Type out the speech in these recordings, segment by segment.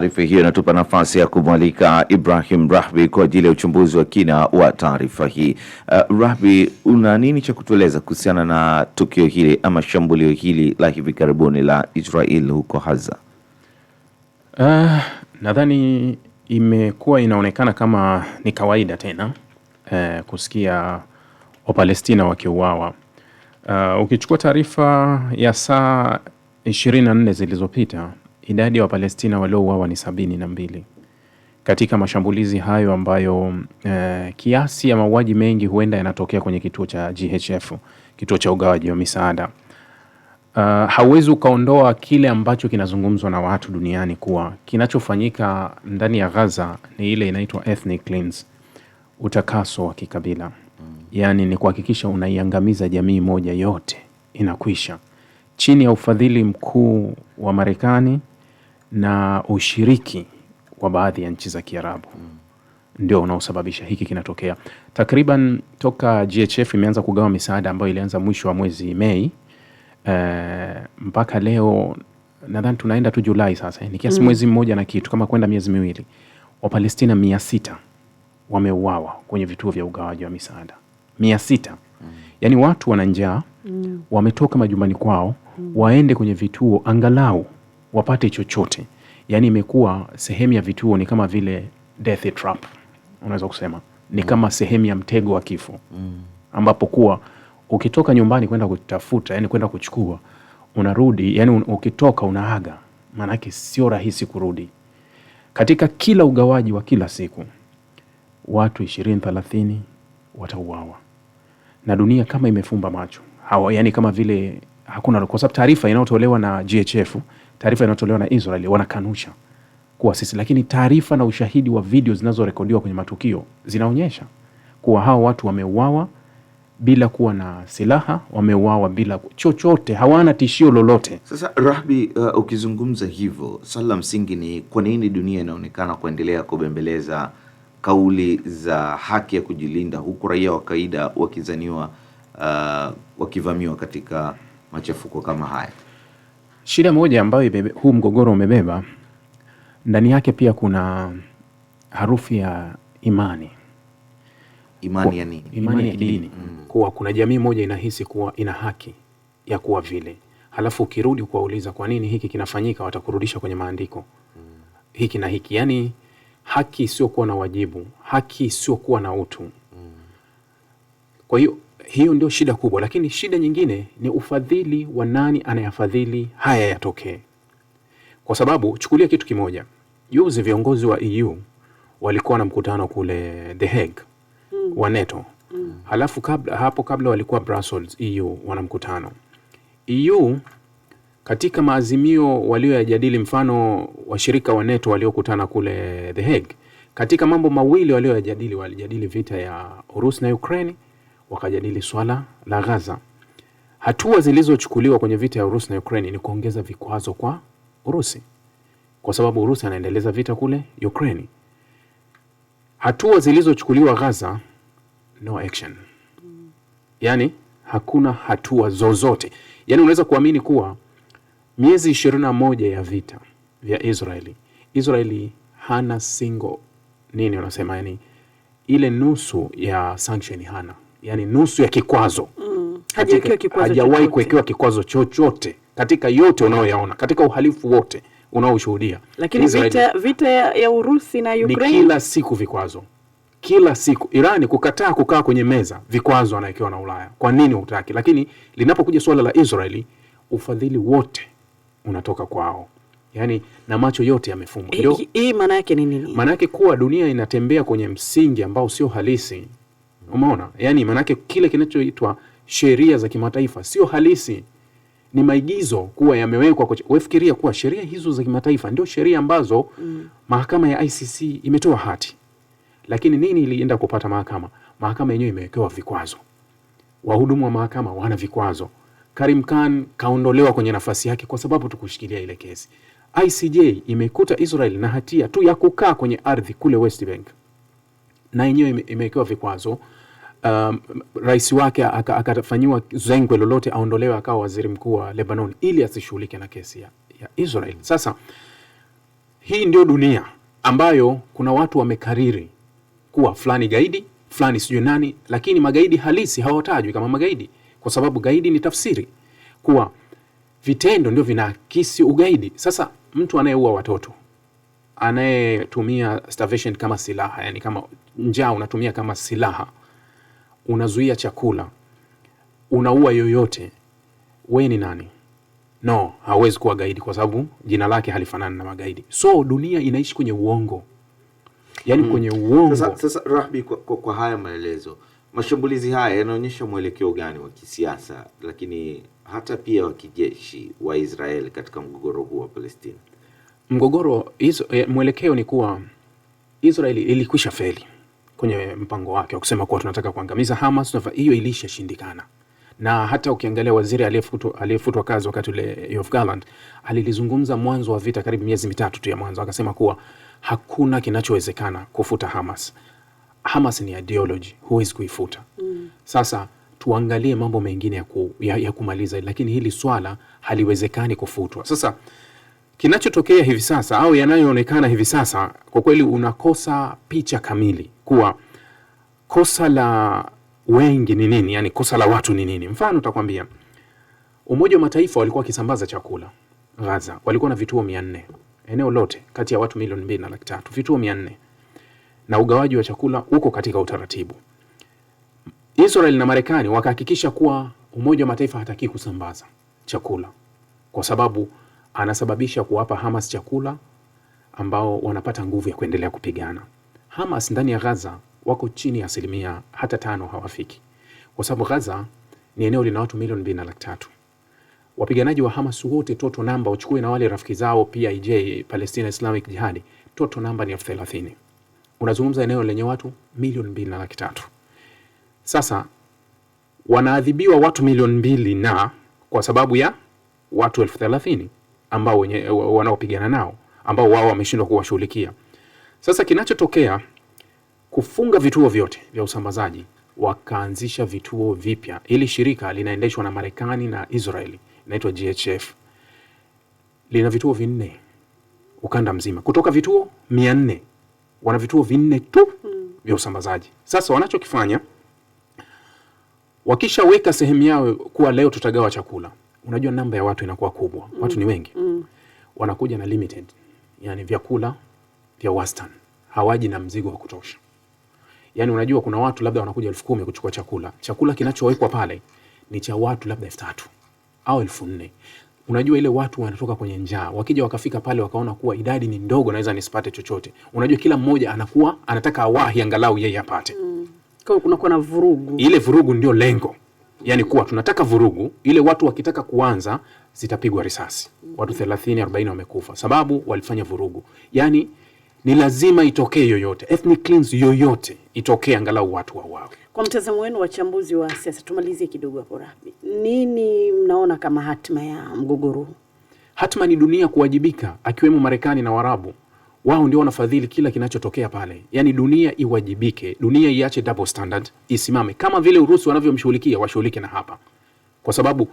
Taarifa hiyo inatupa nafasi ya kumwalika Ibrahim Rahbi kwa ajili ya uchambuzi wa kina wa taarifa hii. Uh, Rahbi, una nini cha kutueleza kuhusiana na tukio hili ama shambulio hili la hivi karibuni la Israel huko Gaza? Uh, nadhani imekuwa inaonekana kama ni kawaida tena uh, kusikia Wapalestina wakiuawa. Uh, ukichukua taarifa ya saa 24 zilizopita idadi ya wa Wapalestina waliouawa ni sabini na mbili katika mashambulizi hayo ambayo eh, kiasi ya mauaji mengi huenda yanatokea kwenye kituo cha GHF, kituo cha ugawaji wa misaada. Uh, hauwezi ukaondoa kile ambacho kinazungumzwa na watu duniani kuwa kinachofanyika ndani ya Gaza ni ile inaitwa ethnic cleanse, utakaso wa kikabila, yani ni kuhakikisha unaiangamiza jamii moja, yote inakwisha chini ya ufadhili mkuu wa Marekani na ushiriki wa baadhi ya nchi za Kiarabu mm. ndio unaosababisha hiki kinatokea. Takriban toka GHF imeanza kugawa misaada ambayo ilianza mwisho wa mwezi Mei e, mpaka leo nadhani tunaenda tu Julai sasa, ni kiasi mm. mwezi mmoja na kitu kama kwenda miezi miwili, Wapalestina mia sita wameuawa kwenye vituo vya ugawaji wa misaada mia sita mm. yaani watu wana njaa mm. wametoka majumbani kwao mm. waende kwenye vituo angalau wapate chochote. Yaani imekuwa sehemu ya vituo ni kama vile death trap, unaweza kusema ni kama sehemu ya mtego wa kifo mm. ambapo kuwa ukitoka nyumbani kwenda kutafuta, yani kwenda kuchukua, unarudi yani un, ukitoka unaaga, maanake sio rahisi kurudi. Katika kila ugawaji wa kila siku watu ishirini thelathini watauawa na dunia kama imefumba macho hawa, yani kama vile hakuna, kwa sababu taarifa inayotolewa na GHF taarifa inayotolewa na Israel wanakanusha kuwa sisi, lakini taarifa na ushahidi wa video zinazorekodiwa kwenye matukio zinaonyesha kuwa hao watu wameuawa bila kuwa na silaha, wameuawa bila chochote, hawana tishio lolote. Sasa Rahbi, uh, ukizungumza hivyo, swali la msingi ni kwa nini dunia inaonekana kuendelea kubembeleza kauli za haki ya kujilinda huku raia wa kawaida wakizaniwa, uh, wakivamiwa katika machafuko kama haya? Shida moja ambayo huu mgogoro umebeba ndani yake pia kuna harufu ya imani imani ya nini? Imani ya kidini mm. Kuwa kuna jamii moja inahisi kuwa ina haki ya kuwa vile, halafu ukirudi kuwauliza kwa nini hiki kinafanyika, watakurudisha kwenye maandiko mm. hiki na hiki, yaani haki isiyokuwa na wajibu, haki isiyokuwa na utu mm. kwa hiyo hiyo ndio shida kubwa, lakini shida nyingine ni ufadhili wa nani anayafadhili haya yatokee, kwa sababu chukulia kitu kimoja. Juzi viongozi wa EU walikuwa na mkutano kule The Hague mm. wa NATO mm. halafu kabla, hapo kabla walikuwa Brussels, EU wana mkutano EU katika maazimio walioyajadili, mfano washirika wa NATO waliokutana kule The Hague, katika mambo mawili walioyajadili, walijadili vita ya Urusi na Ukraini wakajadili swala la Gaza. Hatua zilizochukuliwa kwenye vita ya Urusi na Ukraine ni kuongeza vikwazo kwa Urusi kwa sababu Urusi anaendeleza vita kule Ukraine. Hatua zilizochukuliwa Gaza, no action, yaani hakuna hatua zozote. Yaani unaweza kuamini kuwa miezi ishirini na moja ya vita vya Israeli, Israeli hana single nini unasema yani ile nusu ya sanction hana yani nusu ya kikwazo mm. hajawahi kuwekewa kikwazo chochote katika yote unaoyaona katika uhalifu wote unaoshuhudia. Lakini vita, vita ya Urusi na Ukraine ni kila siku vikwazo, kila siku. Irani kukataa kukaa kwenye meza, vikwazo anawekewa na Ulaya. Kwa nini hutaki? Lakini linapokuja suala la Israeli, ufadhili wote unatoka kwao, yani na macho yote yamefumbwa. Hii maana yake ni nini? Maana yake kuwa dunia inatembea kwenye msingi ambao sio halisi. Umeona? Yaani maanake kile kinachoitwa sheria za kimataifa sio halisi, ni maigizo kuwa yamewekwa. Wewe kuwa sheria hizo za kimataifa ndio sheria ambazo mm. mahakama ya ICC imetoa hati, lakini nini ilienda kupata mahakama? Mahakama yenyewe imewekewa vikwazo, wahudumu wa mahakama wana vikwazo. Karim Khan kaondolewa kwenye nafasi yake kwa sababu tukushikilia ile kesi. ICJ imekuta Israel na hatia tu ya kukaa kwenye ardhi kule West Bank na yenyewe imewekewa vikwazo um, rais wake akafanyiwa zengwe lolote, aondolewe akawa waziri mkuu wa Lebanon ili asishughulike na kesi ya, ya Israel. Sasa hii ndio dunia ambayo kuna watu wamekariri kuwa fulani gaidi fulani sijui nani, lakini magaidi halisi hawatajwi kama magaidi, kwa sababu gaidi ni tafsiri kuwa vitendo ndio vinaakisi ugaidi. Sasa mtu anayeua watoto, anayetumia starvation kama silaha, yani kama njaa unatumia kama silaha unazuia chakula, unaua yoyote, wewe ni nani? No, hawezi kuwa gaidi kwa sababu jina lake halifanani na magaidi. So dunia inaishi kwenye uongo, yaani hmm, kwenye uongo. Sasa, sasa Rahbi, kwa, kwa, kwa haya maelezo, mashambulizi haya yanaonyesha mwelekeo gani wa kisiasa, lakini hata pia wa kijeshi wa Israel katika mgogoro huu wa Palestina? Mgogoro hizo, eh, mwelekeo ni kuwa Israel ilikwisha feli kwenye mpango wake wa kusema kuwa tunataka kuangamiza Hamas. Hiyo ilishashindikana, na hata ukiangalia waziri aliyefutwa kazi wakati ule Yoav Gallant alilizungumza mwanzo wa vita, karibu miezi mitatu tu ya mwanzo, akasema kuwa hakuna kinachowezekana kufuta Hamas. Hamas ni ideology, huwezi kuifuta. Mm. Sasa tuangalie mambo mengine ya, ku, ya, ya kumaliza, lakini hili swala haliwezekani kufutwa. Sasa kinachotokea hivi sasa au yanayoonekana hivi sasa, kwa kweli unakosa picha kamili kuwa kosa la wengi ni nini, yani kosa la watu ni nini. Mfano utakwambia Umoja wa Mataifa walikuwa wakisambaza chakula Gaza, walikuwa na vituo mia nne eneo lote kati ya watu milioni mbili na laki tatu vituo mia nne na ugawaji wa chakula uko katika utaratibu. Israel na Marekani wakahakikisha kuwa Umoja wa Mataifa hataki kusambaza chakula kwa sababu anasababisha kuwapa Hamas chakula ambao wanapata nguvu ya kuendelea kupigana. Hamas ndani ya Gaza wako chini ya asilimia hata tano, hawafiki kwa sababu Gaza ni eneo lina watu milioni mbili na laki tatu. Wapiganaji wa Hamas wote toto namba, uchukue na wale rafiki zao PIJ, Palestina Islamic Jihad, toto namba ni elfu thelathini. Unazungumza eneo lenye watu milioni mbili na laki tatu. Sasa wanaadhibiwa watu milioni mbili na kwa sababu ya watu elfu thelathini ambao wenye wanaopigana nao ambao wao wameshindwa kuwashughulikia. Sasa kinachotokea kufunga vituo vyote vya usambazaji, wakaanzisha vituo vipya. Hili shirika linaendeshwa na Marekani na Israeli, inaitwa GHF, lina vituo vinne ukanda mzima, kutoka vituo mia nne wana vituo vinne tu vya usambazaji. Sasa wanachokifanya wakishaweka sehemu yao kuwa leo tutagawa chakula unajua namba ya watu inakuwa kubwa mm. watu ni wengi mm. wanakuja na limited, yani vyakula vya wastani, hawaji na mzigo wa kutosha. Yani unajua kuna watu labda wanakuja elfu kumi kuchukua chakula, chakula kinachowekwa pale ni cha watu labda elfu tatu au elfu nne Unajua ile watu wanatoka kwenye njaa, wakija wakafika pale wakaona kuwa idadi ni ndogo, naweza nisipate chochote. Unajua kila mmoja anakuwa anataka awahi angalau yeye apate mm. Kwa kuna kuna vurugu, ile vurugu ndio lengo yani kuwa tunataka vurugu ile, watu wakitaka kuanza zitapigwa risasi. Watu 30 40 wamekufa sababu walifanya vurugu. Yani ni lazima itokee yoyote, ethnic cleans yoyote itokee, angalau watu wauawe. Kwa mtazamo wenu wachambuzi wa siasa, tumalizie kidogo hapo Rahbi, nini mnaona kama hatima ya mgogoro Hatima ni dunia kuwajibika, akiwemo Marekani na warabu wao ndio wanafadhili kila kinachotokea pale. Yani dunia iwajibike, dunia iache double standard, isimame kama vile Urusi wanavyomshughulikia, washughulike na hapa, kwa sababu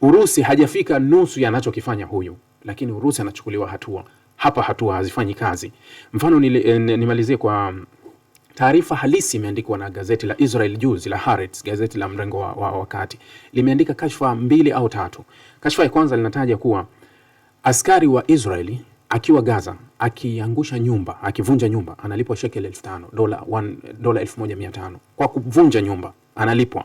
Urusi hajafika nusu ya anachokifanya huyu, lakini Urusi anachukuliwa hatua hapa, hatua hazifanyi kazi. Mfano eh, nimalizie kwa mm, taarifa halisi imeandikwa na gazeti la Israel Jews la Haaretz, gazeti la mrengo wa, wa, wakati limeandika kashfa mbili au tatu. Kashfa ya kwanza linataja kuwa askari wa Israeli akiwa Gaza akiangusha nyumba akivunja nyumba analipwa shekel elfu tano dola, dola elfu moja mia tano kwa kuvunja nyumba analipwa.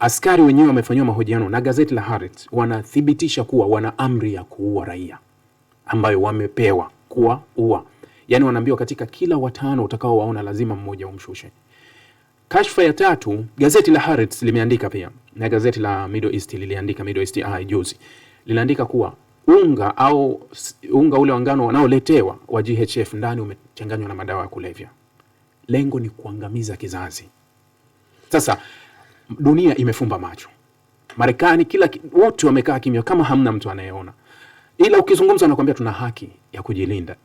Askari wenyewe wamefanyiwa mahojiano na gazeti la Haaretz, wanathibitisha kuwa wana amri ya kuua raia ambayo wamepewa kuwa ua, yaani wanaambiwa katika kila watano utakaowaona lazima mmoja umshushe. Kashfa ya tatu, gazeti la Haaretz limeandika pia na gazeti la Middle East liliandika, Middle East juzi liliandika kuwa unga au unga ule wa ngano wanaoletewa wa GHF ndani umechanganywa na madawa ya kulevya. Lengo ni kuangamiza kizazi. Sasa dunia imefumba macho, Marekani kila wote wamekaa kimya, kama hamna mtu anayeona, ila ukizungumza wanakuambia tuna haki ya kujilinda.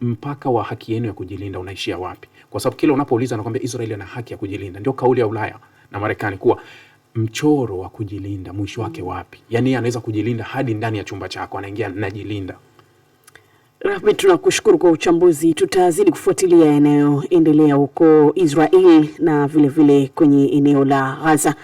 Mpaka wa haki yenu ya kujilinda unaishia wapi? Kwa sababu kila unapouliza anakuambia Israeli ana haki ya kujilinda. Ndio kauli ya Ulaya na Marekani kuwa mchoro wa kujilinda mwisho wake mm. wapi? Yaani anaweza kujilinda hadi ndani ya chumba chako, anaingia najilinda. Rahbi, tunakushukuru kwa uchambuzi. Tutazidi kufuatilia yanayoendelea huko Israeli na vilevile vile kwenye eneo la Gaza.